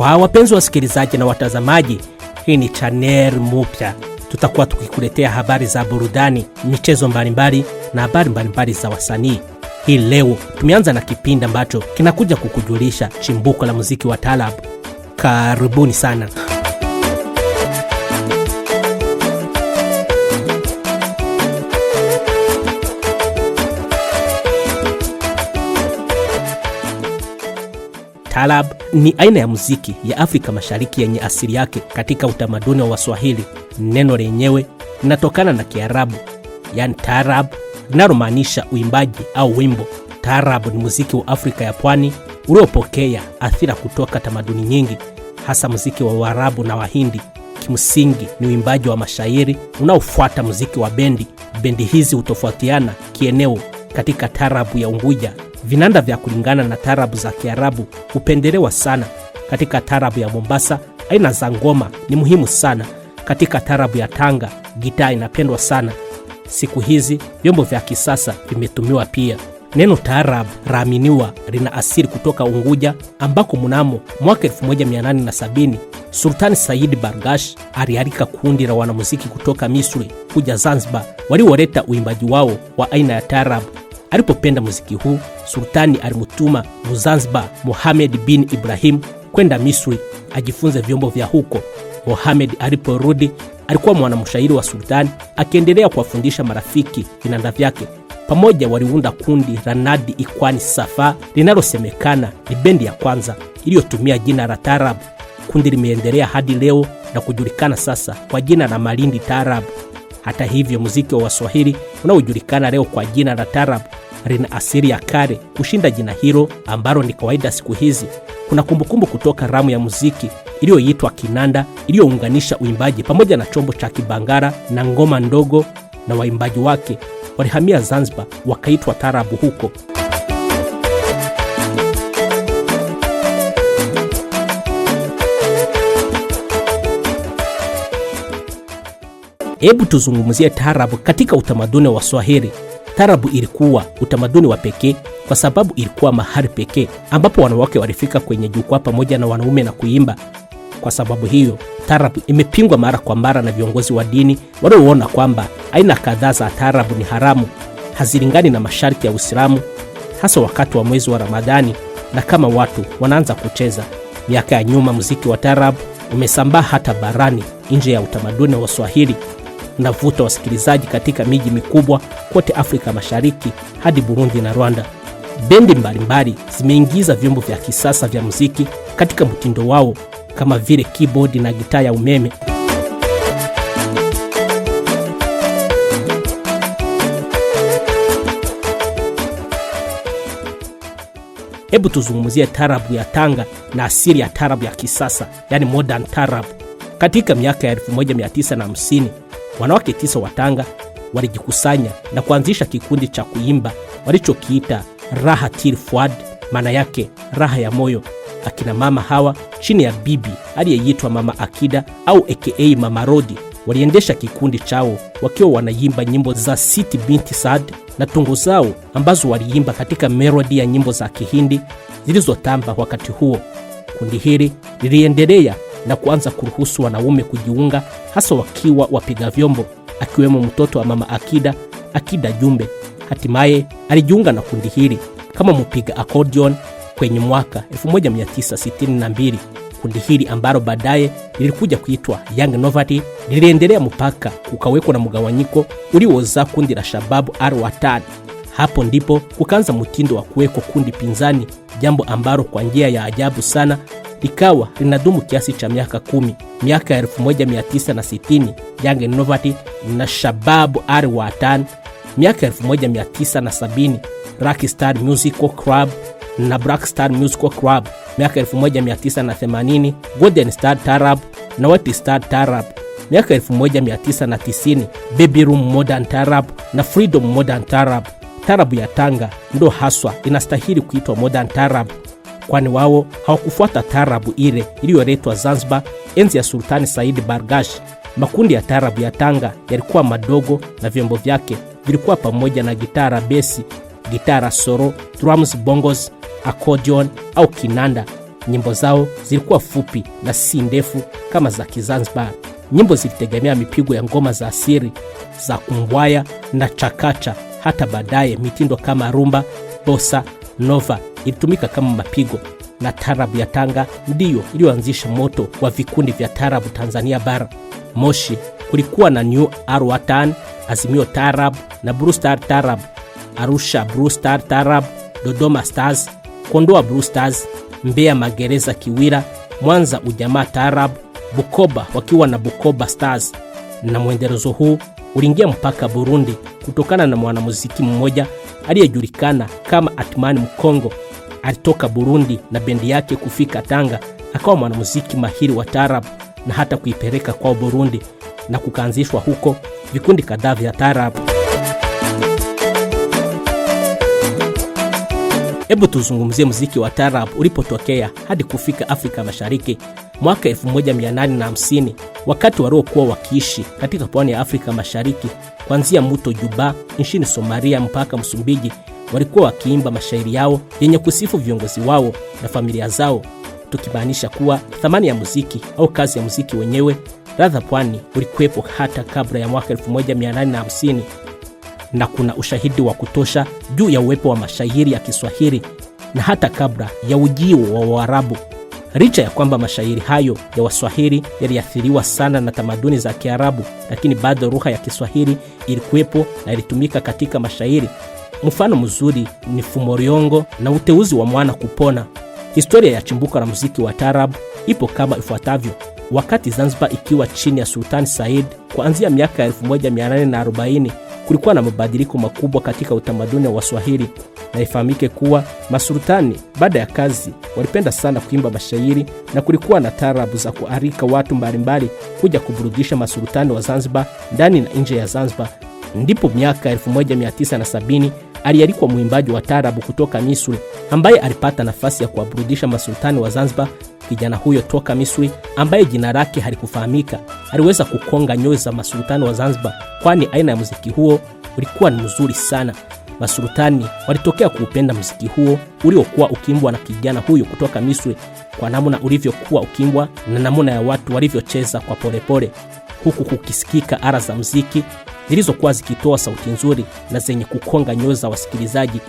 Kwa wapenzi wasikilizaji na watazamaji, hii ni chanel mupya, tutakuwa tukikuletea habari za burudani, michezo mbalimbali na habari mbalimbali za wasanii. Hii leo tumeanza na kipindi ambacho kinakuja kukujulisha chimbuko la muziki wa talab Karibuni sana. talab ni aina ya muziki ya Afrika Mashariki yenye asili yake katika utamaduni wa Waswahili. Neno lenyewe linatokana na Kiarabu, yani tarab, linalomaanisha uimbaji au wimbo. Tarab ni muziki wa Afrika ya pwani uliopokea athira kutoka tamaduni nyingi, hasa muziki wa Uarabu na Wahindi. Kimsingi ni uimbaji wa mashairi unaofuata muziki wa bendi. Bendi hizi hutofautiana kieneo katika tarabu ya Unguja Vinanda vya kulingana na taarabu za Kiarabu hupendelewa sana katika taarabu ya Mombasa. Aina za ngoma ni muhimu sana katika taarabu ya Tanga. Gitaa inapendwa sana siku hizi. Vyombo vya kisasa vimetumiwa pia. Neno taarabu raaminiwa lina asili kutoka Unguja ambako mnamo mwaka 1870 Sultani Saidi Bargash alialika kundi la wanamuziki kutoka Misri kuja Zanzibar, walioleta uimbaji wao wa aina ya taarabu Alipopenda muziki huu, sultani alimutuma Muzanzibar Muhamed bin Ibrahim kwenda Misri ajifunze vyombo vya huko. Muhamed aliporudi alikuwa mwanamshairi wa sultani, akiendelea kuwafundisha marafiki vinanda vyake. Pamoja waliunda kundi la Nadi Ikwani Safa linalosemekana ni bendi ya kwanza iliyotumia jina la tarabu Kundi limeendelea hadi leo na kujulikana sasa kwa jina la Malindi tarabu Hata hivyo, muziki wa Waswahili unaojulikana leo kwa jina la tarabu lina asili ya kale kushinda jina hilo ambalo ni kawaida siku hizi. Kuna kumbukumbu kutoka ramu ya muziki iliyoitwa kinanda iliyounganisha uimbaji pamoja na chombo cha kibangara na ngoma ndogo, na waimbaji wake walihamia Zanzibar wakaitwa tarabu huko. Hebu tuzungumzie tarabu katika utamaduni wa Swahili. Tarabu ilikuwa utamaduni wa pekee kwa sababu ilikuwa mahali pekee ambapo wanawake walifika kwenye jukwaa pamoja na wanaume na kuimba. Kwa sababu hiyo, tarabu imepingwa mara kwa mara na viongozi wa dini walioona kwamba aina kadhaa za tarabu ni haramu, hazilingani na masharti ya Uislamu, hasa wakati wa mwezi wa Ramadhani na kama watu wanaanza kucheza. Miaka ya nyuma, muziki wa tarabu umesambaa hata barani nje ya utamaduni wa Swahili navuta wasikilizaji katika miji mikubwa kote Afrika Mashariki hadi Burundi na Rwanda. Bendi mbalimbali zimeingiza vyombo vya kisasa vya muziki katika mtindo wao kama vile keyboard na gitaa ya umeme. Hebu tuzungumzie tarabu ya Tanga na asili ya tarabu ya kisasa, yani modern tarabu. Katika miaka ya 1950 Wanawake tisa wa Tanga walijikusanya na kuanzisha kikundi cha kuimba walichokiita Raha Tir Fuad, maana yake raha ya moyo. Akina mama hawa chini ya bibi aliyeitwa Mama Akida au aka Mama Rodi waliendesha kikundi chao wakiwa wanaimba nyimbo za Siti Binti Saad na tungo zao ambazo waliimba katika melodi ya nyimbo za Kihindi zilizotamba wakati huo. Kundi hili liliendelea na kuanza kuruhusu wanaume kujiunga, hasa wakiwa wapiga vyombo, akiwemo mtoto wa mama Akida, Akida Jumbe. Hatimaye alijiunga na kundi hili kama mpiga akordion kwenye mwaka 1962. Kundi hili ambalo baadaye lilikuja kuitwa Young Novelty liliendelea mpaka kukawekwa na mgawanyiko uliozaa kundi la Shababu al Watani. Hapo ndipo kukaanza mtindo wa kuweko kundi pinzani, jambo ambalo kwa njia ya ajabu sana likawa linadumu kiasi cha miaka kumi. Miaka ya 1960 Young Innovative na Shababu R Watan, miaka ya 1970 Rock Star Musical Club na Black Star Musical Club, miaka 1980 Golden Star Tarab na White Star Tarab, miaka 1990 Baby Room Modern Tarab na Freedom Modern Tarab. Tarabu ya Tanga ndo haswa inastahili kuitwa Modern Tarab kwani wao hawakufuata taarabu ile iliyoletwa Zanzibar enzi ya Sultani Said Bargash. Makundi ya taarabu ya Tanga yalikuwa madogo na vyombo vyake vilikuwa pamoja na gitara besi, gitara soro, drums, bongos, accordion au kinanda. Nyimbo zao zilikuwa fupi na si ndefu kama za Kizanzibar. Nyimbo zilitegemea mipigo ya ngoma za asiri za kumbwaya na chakacha, hata baadaye mitindo kama rumba, bosa nova ilitumika kama mapigo na tarabu ya Tanga ndiyo iliyoanzisha moto wa vikundi vya tarabu Tanzania Bara. Moshi kulikuwa na New Arwatan, Azimio Tarabu na Blue Star Tarabu, Arusha Blue Star Tarab, Dodoma Stars, Kondoa Blue Stars, Mbeya Magereza Kiwira, Mwanza Ujamaa Tarabu, Bukoba wakiwa na Bukoba Stars, na mwendelezo huu uliingia mpaka Burundi kutokana na mwanamuziki mmoja aliyejulikana kama atman Mkongo alitoka Burundi na bendi yake kufika Tanga, akawa mwanamuziki mahiri wa taarab na hata kuipeleka kwao Burundi na kukaanzishwa huko vikundi kadhaa vya tarab Hebu tuzungumzie muziki wa tarab ulipotokea hadi kufika Afrika Mashariki mwaka 1850 wakati waliokuwa wakiishi katika pwani ya Afrika Mashariki kuanzia Muto Juba nchini Somalia mpaka Msumbiji walikuwa wakiimba mashairi yao yenye kusifu viongozi wao na familia zao, tukibainisha kuwa thamani ya muziki au kazi ya muziki wenyewe radha pwani ulikuwepo hata kabla ya mwaka 1850 na kuna ushahidi wa kutosha juu ya uwepo wa mashairi ya Kiswahili na hata kabla ya ujio wa Waarabu, licha ya kwamba mashairi hayo ya Waswahili yaliathiriwa sana na tamaduni za Kiarabu, lakini bado lugha ya Kiswahili ilikuwepo na ilitumika katika mashairi Mfano mzuri ni Fumoriongo na uteuzi wa Mwana Kupona. Historia ya chimbuko la muziki wa tarabu ipo kama ifuatavyo. Wakati Zanzibar ikiwa chini ya Sultani Said kuanzia miaka 1840 kulikuwa na mabadiliko makubwa katika utamaduni wa Swahili, na ifahamike kuwa masultani baada ya kazi walipenda sana kuimba mashairi na kulikuwa na tarabu za kuarika watu mbalimbali kuja kuburudisha masultani wa Zanzibar ndani na nje ya Zanzibar. Ndipo miaka 1970 alialikwa mwimbaji wa tarabu kutoka Misri ambaye alipata nafasi ya kuwaburudisha masultani wa Zanzibar. Kijana huyo toka Misri ambaye jina lake halikufahamika aliweza kukonga nyoyo za masultani wa Zanzibar, kwani aina ya muziki huo ulikuwa ni mzuri sana. Masultani walitokea kuupenda muziki huo uliokuwa ukimbwa na kijana huyo kutoka Misri, kwa namna ulivyokuwa ukimbwa na namna ya watu walivyocheza kwa polepole pole huku kukisikika ara za muziki zilizokuwa zikitoa sauti nzuri na zenye kukonga nyoyo za wasikilizaji.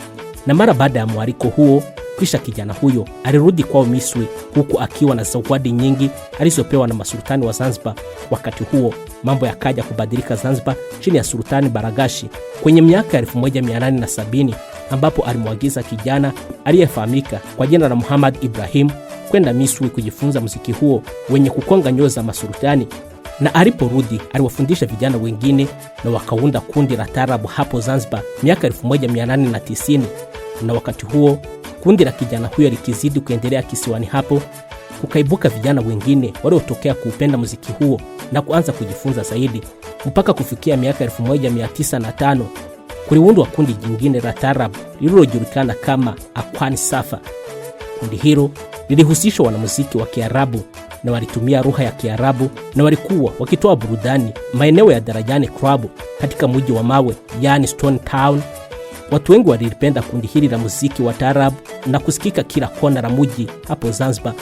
Na mara baada ya mwaliko huo, kisha kijana huyo alirudi kwao Misri, huku akiwa na zawadi nyingi alizopewa na masultani wa Zanzibar. Wakati huo mambo yakaja kubadilika Zanzibar chini ya Sultani Baragashi kwenye miaka ya 1870 ambapo alimwagiza kijana aliyefahamika kwa jina la Muhammad Ibrahim kwenda Misri kujifunza muziki huo wenye kukonga nyoyo za masultani na aliporudi aliwafundisha vijana wengine na wakaunda kundi la taarabu hapo Zanzibar miaka 1890 na wakati huo kundi la kijana huyo likizidi kuendelea kisiwani hapo, kukaibuka vijana wengine waliotokea kuupenda muziki huo na kuanza kujifunza zaidi mpaka kufikia miaka 1905 kuliundwa kundi jingine la taarabu lililojulikana kama Akwani Safa. Kundi hilo lilihusishwa wanamuziki wa Kiarabu na walitumia lugha ya Kiarabu na walikuwa wakitoa burudani maeneo ya Darajani Club katika mji wa mawe, yani Stone Town. Watu wengi walilipenda kundi hili la muziki wa taarabu na kusikika kila kona la mji hapo Zanzibar.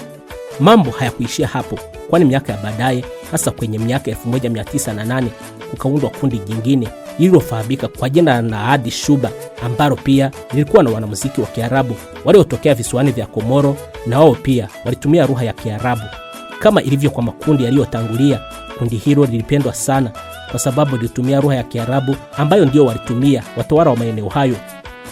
Mambo hayakuishia hapo, kwani miaka ya baadaye, hasa kwenye miaka 1998 kukaundwa kundi jingine lililofahamika kwa jina la Ahadi Shuba ambalo pia lilikuwa na wanamuziki wa Kiarabu waliotokea visiwani vya Komoro, na wao pia walitumia lugha ya Kiarabu. Kama ilivyo kwa makundi yaliyotangulia, kundi hilo lilipendwa sana kwa sababu lilitumia lugha ya Kiarabu ambayo ndio walitumia watawala wa maeneo hayo.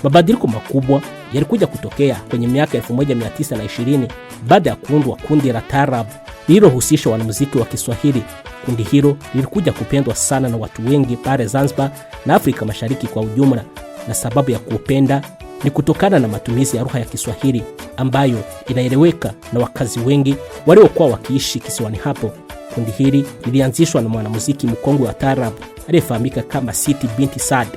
Mabadiliko makubwa yalikuja kutokea kwenye miaka 1920 baada ya kuundwa kundi la taarab lililohusisha wanamuziki wa Kiswahili. Kundi hilo lilikuja kupendwa sana na watu wengi pale Zanzibar na Afrika Mashariki kwa ujumla, na sababu ya kuupenda ni kutokana na matumizi ya lugha ya Kiswahili ambayo inaeleweka na wakazi wengi waliokuwa wakiishi kisiwani hapo. Kundi hili lilianzishwa na mwanamuziki mkongwe wa tarab aliyefahamika kama Siti binti Saad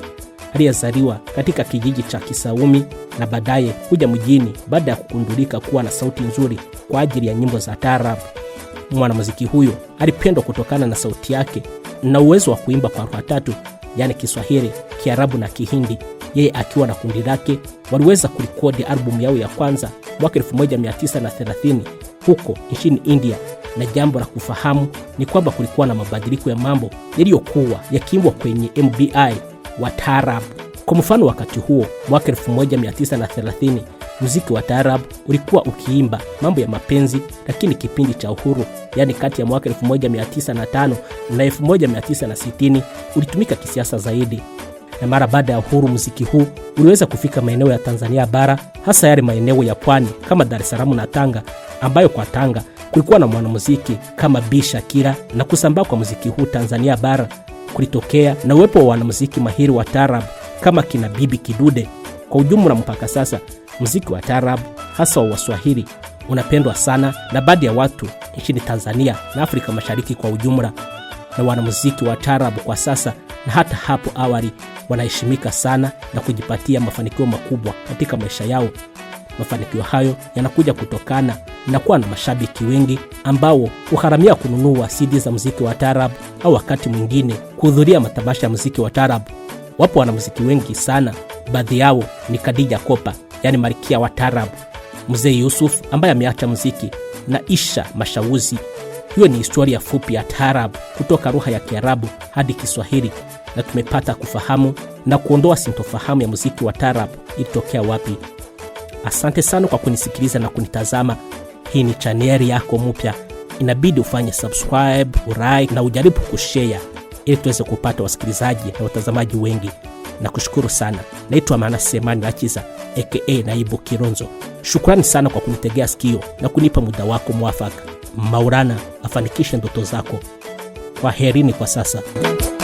aliyezaliwa katika kijiji cha Kisaumi na baadaye kuja mjini baada ya kugundulika kuwa na sauti nzuri kwa ajili ya nyimbo za taarab. Mwanamuziki huyo alipendwa kutokana na sauti yake na uwezo wa kuimba kwa lugha tatu, yaani Kiswahili, Kiarabu na Kihindi yeye akiwa na kundi lake waliweza kurekodi albumu yao ya kwanza mwaka 1930 huko nchini India, na jambo la kufahamu ni kwamba kulikuwa na mabadiliko ya mambo yaliyokuwa yakiimbwa kwenye MBI wa taarabu. Kwa mfano, wakati huo mwaka 1930 muziki wa taarabu ulikuwa ukiimba mambo ya mapenzi, lakini kipindi cha uhuru, yaani kati ya mwaka 1905 na 1960 ulitumika kisiasa zaidi na mara baada ya uhuru muziki huu uliweza kufika maeneo ya Tanzania bara, hasa yale maeneo ya pwani kama Dar es Salaam na Tanga, ambayo kwa Tanga kulikuwa na mwanamuziki kama Bi Shakira, na kusambaa kwa muziki huu Tanzania bara kulitokea na uwepo wa wanamuziki mahiri wa tarab kama kina Bibi Kidude. Kwa ujumla, mpaka sasa muziki wa tarab hasa wa Waswahili unapendwa sana na baadhi ya watu nchini Tanzania na Afrika Mashariki kwa ujumla, na wanamuziki wa tarab kwa sasa na hata hapo awali wanaheshimika sana na kujipatia mafanikio makubwa katika maisha yao. Mafanikio hayo yanakuja kutokana na kuwa na mashabiki wengi ambao huharamia kununua CD za muziki wa tarabu au wakati mwingine kuhudhuria matamasha ya muziki wa tarabu Wapo wanamuziki wengi sana, baadhi yao ni kadija Kopa, yaani malkia wa taarabu, Mzee Yusuf ambaye ameacha muziki na Isha Mashauzi. Hiyo ni historia fupi ya tarabu kutoka lugha ya Kiarabu hadi Kiswahili na tumepata kufahamu na kuondoa sintofahamu ya muziki wa tarab ilitokea wapi. Asante sana kwa kunisikiliza na kunitazama. Hii ni chaneri yako mpya, inabidi ufanye subscribe, urai na ujaribu kushea ili tuweze kupata wasikilizaji na watazamaji wengi. Nakushukuru sana. Naitwa Maana Semani Nachiza aka Naibu kironzo Shukrani sana kwa kunitegea sikio na kunipa muda wako mwafaka. maurana afanikishe ndoto zako. herini kwa sasa.